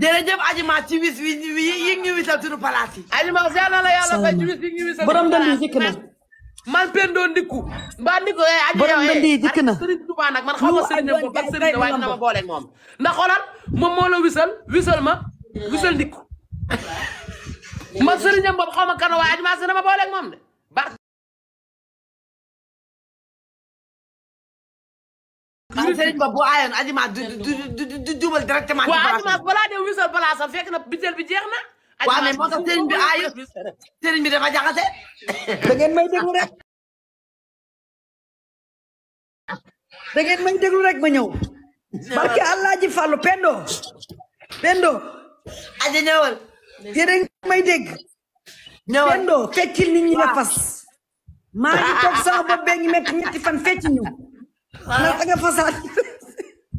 jërëjëf Adima ci wis wi yi ngi wisal suñu palaas yi. Adima seen na la yàlla fay ci wis yi ngi wisal a palaas yi man man Pendo Ndikku. mbaa Ndikku eh ak yow eh ak Serigne Touba nag ma Serigne moom. ndax xoolal moom moo la wisal wisal ma wisal Ndikku man Serigne bopp xaw ma kan waaye Adima si na ma booleeg moom de. ah Serigne Ba bu aayoon Adima du du du du jubal directement. ci balaa Adima balaa de wisal balaasam fekk na bitel bi jeex na. waaw mais moo tax Serigne bi aayu Serigne bi dafa jaxase. da ngeen may déglu rek. da ngeen may déglu rek ma ñëw. barke Allah ji fàllu Pendo. Pendo. aja ñëwal. yéen a ngi may dégg. ñëwal Pendo feccil nit ñi ne fas. maa ngi toog sama bopp bee ngi métti ñetti fan fecc ñu. da nga fasaat.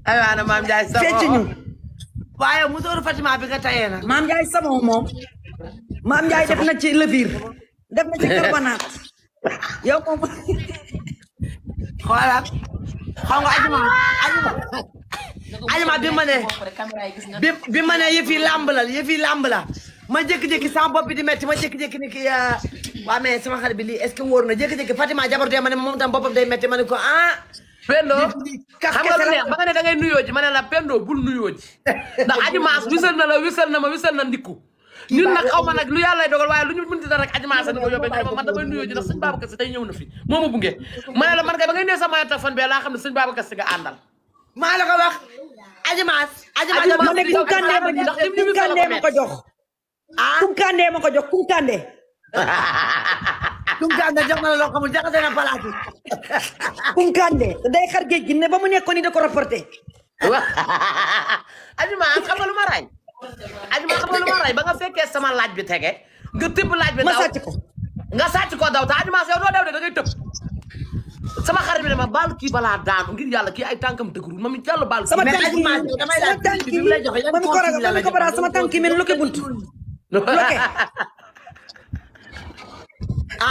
aywa ana maam Ndiaye sama fecc bi nga tayee na. maam Ndiaye sama moom. maam def na ci levure. def na ci carbonate. yow moom. xoolal xam nga ajuma ajuma ajuma bi ma ne bi bi ma ne yëf yi làmb la yëf ma jékki-jékki sama bopp bi di metti ma jékki-jékki ni ki ah, waa mais bi lii est-ce que wóor na jékki-jékki Fatima jabar ma moom tam boppam day metti ma ne ko ah, pendo xam nga lu neex ba nga ne da ngay nuyoo ji ma bul nuyoo ji ndax Adji Mass wisal na la wisal na ma wisal na ndikku ñun nag xaw ma nag lu yàlla dogal waaye lu ñu mënti dara rek Adji Mass ni ko yóbbee ñu ma man damay nuyoo ji ndax sëñ ko wax Adji Mass ma ko jox kunkandee ma ko lu Kunkande jox na la loo xamul jaxase na palaat yi. Kunkande day xar géej gi ne ba mu nekkoon ni da ko reporté. waaw Adjuma xam nga lu ray Adjuma xam nga ray ba nga fekkee sama laaj bi tege nga tëb laaj bi. ma ko nga sàcc ko daw te Adjuma yow doo daw de da ngay tëb. sama xarit bi dama baalu kii balaa daanu ngir yàlla kii ay tànkam dëgërul ma mi jàll baalu. sama tànk yi sama tànk yi man ko ragal man ko bara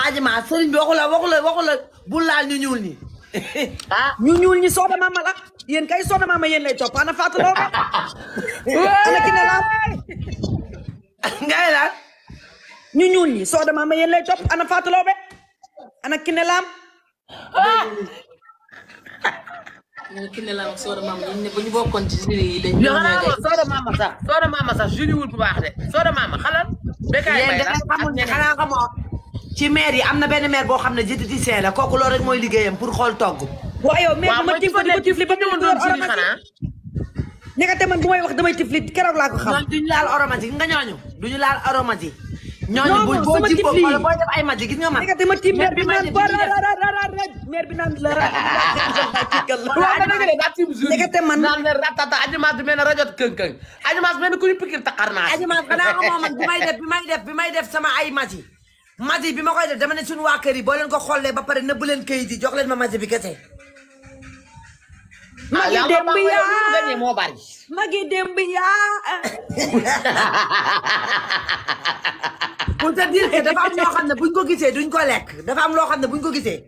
ajimaa sëriñ bi waxu la waxu la waxu la bu laal ñu ñuul ñi ah. ñu ñuul ñi soxna maama la yéen kay soxna maama yéen lay topp ana Fatou Ndao ana Kiné Lam ngay la ñu ñuul ñi soxna maama ana Fatou Ndao ana Kiné Lam ñu Kiné Lam ak Soda Mama ñu ne bu ñu bokkoon ci jury yi dañ ñu Soda Mama sax Soda Mama sax jury wul ci maire yi am na benn maire boo xam ne diététicien la kooku loolu rek mooy liggéeyam pour xool togg. waaw yow maire ma tifli ma tifli ba mu doon ci xanaa. ñekkate man bu may wax damay tifli keroog laa ko xam. ñooñu duñu laal aromatique nga ñooñu duñu laal aromatique. ñooñu bu boo ci boo boo def ay mati gis nga man. ñekkate ma tif maire bi naan ba ra ra ra ra maire bi naan la ra ñekkate man naan la ratata ajumaas bi mel ne rajo këng këng ajumaas mel ne ku ñu pikir taxar naa. ajumaas xanaa xamoo man bi may def bi may def bi may def sama ay mati maji bi ma koy def dama ne suñu waa kër yi boo leen ko xollee ba pare nëbb leen kayit di jox leen ma maji bi kese. magi démb yaa moo bari magi démb yaa pour te dire que dafa am loo xam ne buñ ko gisee duñ ko lekk dafa am loo xam ne buñ ko gisee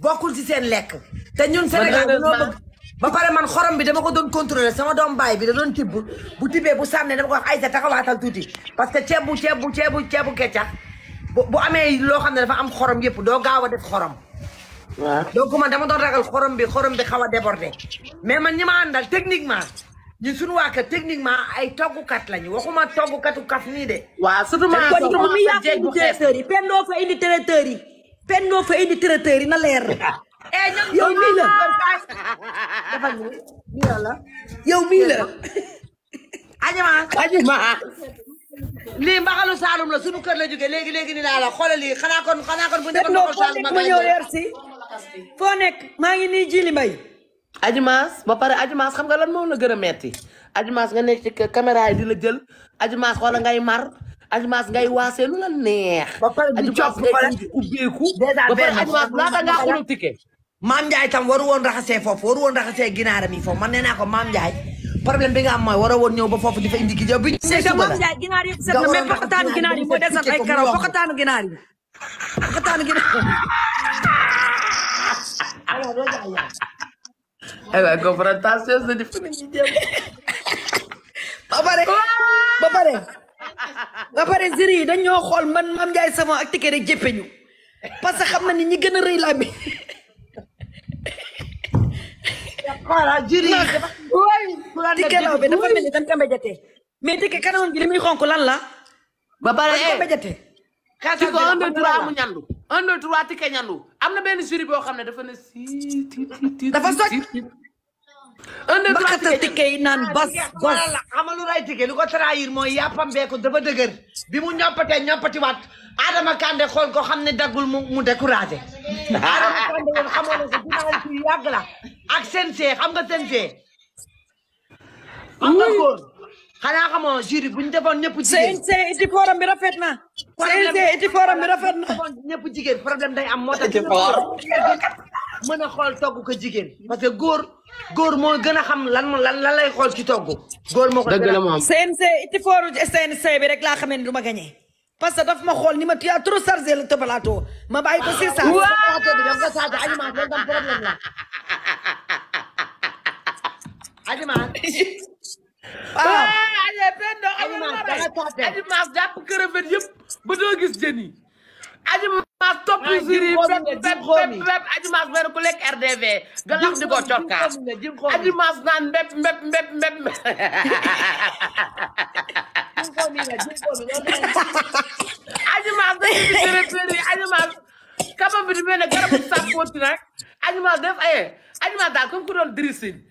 bokkul ci seen lekk te ñun Sénégal dañoo bëgg ba pare man xorom bi dama ko doon contrôler sama doom baay bi da doon tibb bu tibbee bu sànnee dama ko wax ay sa taxawaatal tuuti parce que ceeb ceebu ceebu ceebu keccax bu amee loo xam ne dafa am xorom yëpp doo gaaw a def xorom. waaw donc man dama doon ragal xorom bi xorom bi xaw a débordé. mais ñi ma àndal techniquement ñun suñu waa kër techniquement ay toggukat lañu waxuma toggukatu kaf nii de. waaw surtout maa ngi soog a wax dëgg bu xeet waaw fa indi traiteurs yi. pen noo fa indi traiteurs yi na leer. Eh, yow mii la yow mii la. yow mii lii mbaxalu Saalum la sunu kër la jógee léegi léegi ni laa la xoolal lii xanaa kon xanaa kon bu ñu si foo nekk maa ngi nii may mbay ajumaas ba pare ajumaas xam nga lan moom la gën a metti ajumaas nga nekk ci caméra yi di la jël ajumaas wala ngay mar ajumaas ngay waasee lu la neex. ba pare di copp di ubbeeku ba pare ajumaas laata ngaa xulul ticket. maam Ndiaye tam waru woon raxasee foofu waru woon raxasee ginaaram yi foofu man nee naa ko maam jaay problème bi nga mooy waroo woon ñëw ba foofu di fa indi ki bi. c'est que moom Ndiaye ginaar yëpp set na mais poqataanu ginaar yi moo desat ay karaw poqataanu ginaar yi poqataanu ginaar ay waay eh confrontation sa di fu nit ñi jëm ba pare ba pare ba pare jiri yi dañoo xool man Mame Ndiaye Savon ak Ticket rek jëppe xam na ni ñi gën a rëy laa bi tike law bi dafa mel ni dañ ko mbéjatee mais tike kanam bi li muy xonk lan la. ba pare dañ ko mbéjatee. xaaral bi un deux trois mu ñandu un deux trois tike ñandu am na benn jury boo xam ne dafa ne si ti dafa soj un deux trois tike tike yi naan bas bas. xamalu ray tike lu ko trahir mooy yàppam beeku dafa dëgër bi mu ñoppatee ñoppatiwaat Adama Kande xool ko xam ne daggul mu mu découragé. Adama Kande woon xamoo ne sa ginnaaw yàgg la encore xanaa xamoo jury bu ñu defoon ñëpp jigéen c'est iti forum bi rafet na c'est iti forum bi rafet na ñëpp jigéen problème day am moo tax mën a xool togg ko jigéen parce que góor góor moo gën a xam lan lan lan lay xool ci togg góor moo ko dëgg la moom CNC iti foru CNC bi rek laa xamee ne du ma gagné parce que daf ma xool ni ma tu as trop chargé le te plateau ma bàyyi ko si sa plateau bi daf ko chargé animat loolu tam problème la animat aji maas jàpp kërëfet yëpp ba doo gis jën yi aji maas topp jur yi pep pep pep aji maas mel ku lekk rdv galax di ko corkaas aji maas naan mbep mbep mbep mbep aji maas day indi kërëfet yi aji maas kaba bi di mel ne garabu sàppooti nag aji ku doon dressing